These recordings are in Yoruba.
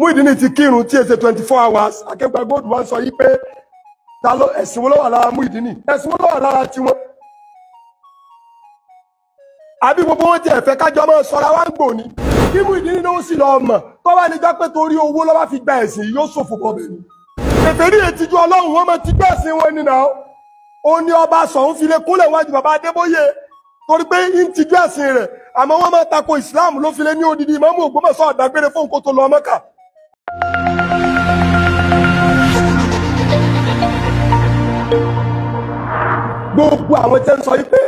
Muyideen ti kírun tí èsè twenty four hours akẹ́gbẹ́ gold wa ń sọ yí pé ta ló ẹ̀sìn wọn ló wà lára Muyideen ẹ̀sìn wọn ló wà lára tiwọn. àbí gbogbo wọn ti ẹ̀fẹ́ kájọ máa sọra wá ń gbò ní kí Muyideen náà ó sì lọ mọ̀ tó bá ní gbà pé torí owó lọ́ba fi gba ẹ̀sìn yóò ṣòfò bọ̀ bẹ̀rù. ètèrí ètìjú ọlọ́run wọn ti gbé ẹ̀sìn wọn nínà ó ó ní ọba sọ̀hún file kúnlẹ̀ wájú bàbá Adébóyè torí pé ń tijú ẹ̀sìn rẹ̀ àmọ́ wọ́n máa tako Islam ló file ní odidi ìmáàmù Ògbómọ̀ṣọ́ àdágbére fóun kó tó lọ Mẹ́kà gbogbo àwọn tẹ́ ń sọ yí pé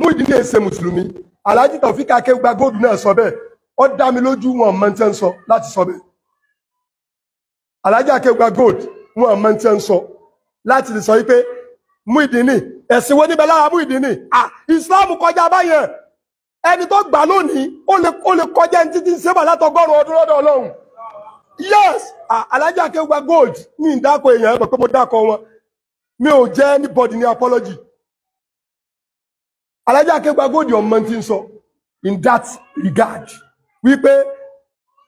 Muyideen ṣe mùsùlùmí Alhaji Taofik Akeugba Gold náà sọ bẹ́ẹ̀ ó dá mi lójú wọn mọ tẹ́ ń sọ láti sọ bẹ́ẹ̀ Alhaji Akeugba Gold wọn mọ tẹ́ ń sọ láti lè sọ yí pé Muyideen ẹ̀sìn wo níbẹ̀ lára Muyideen à Islam kọjá báyẹn ẹni tó gbà lónìí ó lè kọjá ẹni títí ń ṣe wà látọgọ́rùn ọdún lọ́dọ̀ Ọlọ́run yes alájà kéwà gold mi ń dákọ èèyàn ẹ pé mo dákọ wọn mi ò jẹ anybody ní apology alájà kéwà gold ọmọ ti ń sọ in that regard wípé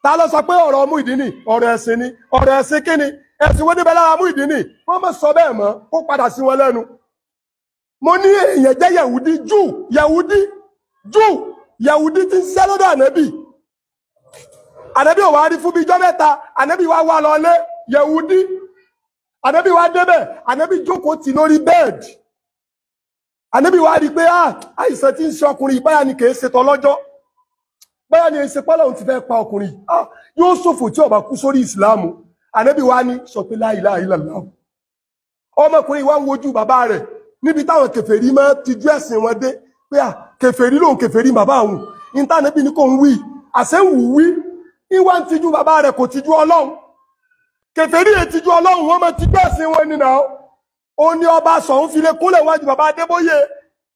ta ló sọ pé ọ̀rọ̀ Muyideen ọ̀rọ̀ ẹ̀sìn ni ọ̀rọ̀ ẹ̀sìn kí ni ẹ̀sìn wo níbẹ̀ lára Muyideen wọ́n mọ̀ sọ bẹ́ẹ̀ mọ́ kó padà sí wọn lẹ́nu mo ní èèyàn jẹ́ yahudi jù yahudi jù yahudi ti ń sẹ́ lọ́dọ̀ ànábì ànábì ò wá rí fún bí ijọ́ mẹ́ta ànábì wa wá lọ lé yẹ̀wúdí ànábì wa débẹ̀ ànábì jókòó ti lórí bẹ́ẹ̀dì ànábì wá rí i pé ah, àìsàn tí ni ti pa ọkùnrin ah, yóò ṣòfò tí ó kú sórí ìsìláàmù ànábì wá sọ pé la ilaha ọmọkùnrin wá ń wojú bàbá rẹ̀ níbi táwọn kèfèrí wọn dé pé ah, lòun bàbá òun ni kò ìwà ń tijú bàbá rẹ̀ kò tijú ọlọ́run kèfèrí yẹn tijú ọlọ́run wọ́n máa tijú ẹ̀sìn wọn nínà ó ó ní ọba sọ̀hún file kúnlẹ̀ wájú bàbá adébóyè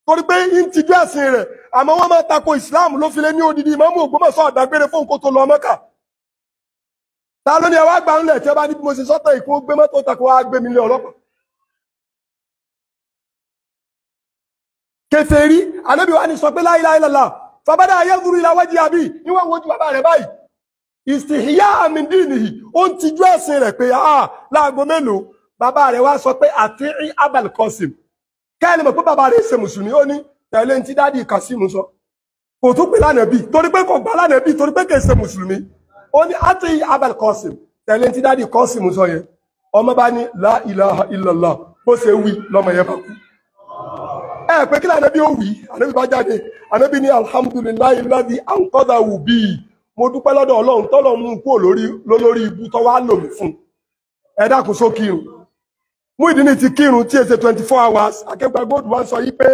torí pé ń tijú ẹ̀sìn rẹ̀ àmọ́ wọ́n máa tako ìsìláàmù ló file ní odidi ìmáàmù ògbómọ̀ṣọ́ àdágbére fún kó tó lọ mọ́kà ta ló ní ẹ wá gbà ńlẹ̀ tí ẹ bá ní bí mo ṣe sọ́tọ̀ ìkún gbé mọ́tò tako wá gbé mi lé ọlọ́pàá kèfèrí anábìwá ni sọ pé láyé láyé lọ́la fàbádà ayé gúrú ìlà wájú àbí níwọ̀n wojú bàbá rẹ̀ báyìí ìsìnyá àmì dìní yìí ó ń tijú ẹ̀sìn rẹ̀ pé ah, láago mélòó bàbá rẹ̀ wá sọ pé àti Abul Qasim kẹ́ni mọ̀ pé bàbá rẹ̀ ṣe mùsùlùmí ó ní tẹ̀lé ní ti dádì Kasimu sọ kò tún pè lánàbí torí pé kò gbà lánàbí torí pé kì ṣe mùsùlùmí ó ní àti Abul Qasim tẹ̀lé ní ti dádì Kasimu sọ yẹn ọmọ bá ní la ilaha illallah bó ṣe wí lọ́mọ yẹn bá kú ẹ pé kí lánàbí ó wí ànàbí bá jáde ànàbí ní alhamdulillahi alladhi mo dúpẹ́ lọ́dọ̀ ọlọ́run tọ́lọ̀ mú kúrò lórí lórí ibú tó wá lò mí fún ẹ dákun só kírun Muyideen ti kírun tí èsè twenty four hours akẹ́gbẹ́ gold wa sọ yí pé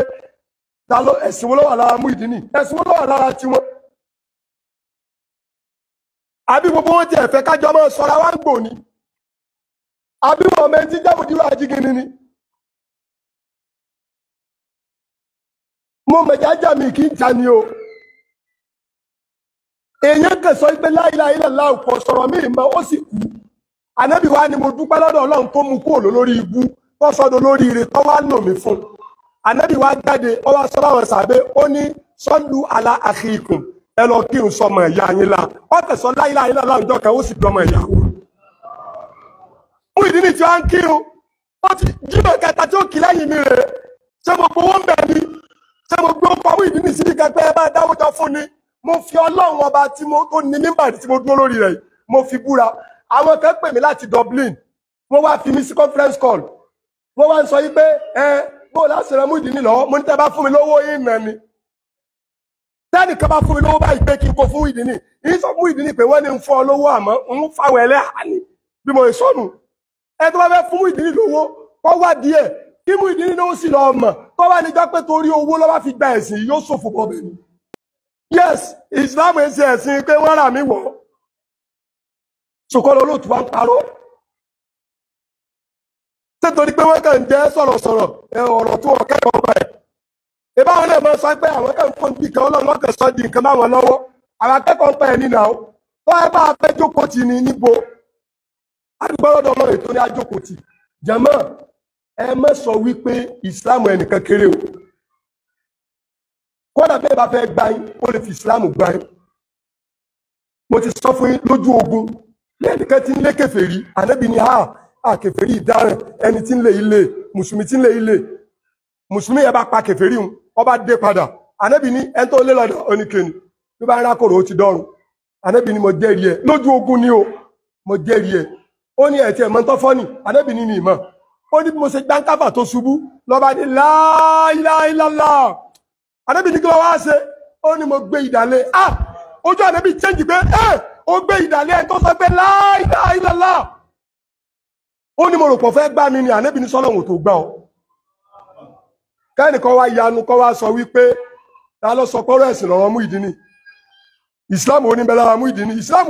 ta ló ẹ̀sìn wọn lọ́wọ́ lára Muyideen ẹ̀sìn wọn lọ́wọ́ lára tiwọn. àbí gbogbo wọn tiẹ̀ fẹ́ kájọ máa sọra wá gbò ni àbí wọn ọmọ ẹtí jábọ̀ dúró ajígini ni. mo mẹ̀jájà mi kì í jà ni o. èèyàn kan sọ pé láìláìlá kò sọ̀rọ̀ míì mọ́ ó sì kú ànábì wa ni mo dúpẹ́ lọ́dọ̀ ọlọ́run tó mú kúrò lórí ibú tó sọdọ̀ lórí ire tó wá nà mí fún ànábì wa jáde ó wá sọ láwọn sàbẹ ó ní sọ́lù àlà àkìkùn ẹ lọ kí n sọmọ ìyá yín la ó tẹ̀sán láìláìlá láwùjọ kan ó sì dọmọ ìyàwó mú ìdí ni tí wọ́n ń kí o ó ti jíjọ kẹta tí ó kì lẹ́yìn mi rè é ṣé mo gbowó ń bẹ̀ ni ṣé mo gbowó pamọ́ ìdí ni síbi kẹgbẹ́ ẹ bá dáwọ́jọ fún mo fi ọlọ́run ọba tí mo tó ní mímbàrí tí mo dúró lórí rẹ̀ mo fi búra àwọn kan pè mí láti Dublin wọ́n wá fi mí sí conference call wọ́n wá ń sọ yí pé ẹ bó láti rẹ mú ìdíní lọ́wọ́ mo ní tẹ́ bá fún mi lówó ìnà ni tẹ́nìkan bá fún mi lówó báyìí pé kí n kó fún ìdíní yìí sọ fún ìdíní pé wọ́n ní ń fún ọ lówó àmọ́ ń fáwọn ẹlẹ́hàá ni bí mo sọnù ẹ tó bá fẹ́ fún ìdíní lówó kọ́ wá díẹ̀ kí mú lówó sì lọ́ọ́ mọ̀ kọ́ wá níjọ́ pé torí owó lọ́wọ́ fi gba ẹ̀sìn yóò ṣòfò bọ́ ni. yes islam ṣe esi pé wọ́n rà mí wọ̀ ṣùkọ́ lóòtú wa ń parọ́ nítorí pé wọ́n kàn jẹ́ sọ̀rọ̀sọ̀rọ̀ ọ̀rọ̀ tí wọ́n kẹ́kọ̀ọ́ ọmọ ẹ̀ ìbá wọn náà máa di ẹ bá fẹ́ jókòó tì ní níbo àdúgbò lọ́dọ̀ ọmọ sọ o kódà bẹ́ẹ̀ bá fẹ́ gba yín ó lè fi ìsìláàmù gba yín mo ti sọ fún yín lójú ogun ní ẹnìkan tí ń lé kèfèrí ànábì ni a a kèfèrí ẹni tí ń lé ilé mùsùlùmí tí ń lé ilé mùsùlùmí yẹn bá pa kèfèrí òun ọba dé padà ànábì ni ẹni tó lé lọ́dọ̀ oníkèéni ló bá ń rákòrò ó ti dọ́rùn ànábì ni mo jẹ́rìí ẹ lójú ogun ni o mo jẹ́rìí ẹ ó ní ẹ̀ tí ẹ̀ mọ́ tó fọ́ ni ànábì ni ni ìmọ̀ ó ní bí mo ṣe gbáǹkàfà tó ṣubú lọ́ba ní láìláìláìláà ànábì ní kí ló wá ṣe ó ní mo gbé ìdàlẹ̀ à ojú ànábì change pé ẹ ó gbé ìdàlẹ̀ ẹ tó sọ pé láìláìlálá ó ní mi ni ànábì ní sọ́lọ́hún tó gbá ọ kẹ́nìkan wá yanu kọ́ ka sọ wípé ta ló sọ pọ́rọ̀ ẹ̀sìn lọ́wọ́ mú ìdí ni islam oníbẹ̀lára mú ìdí ni islam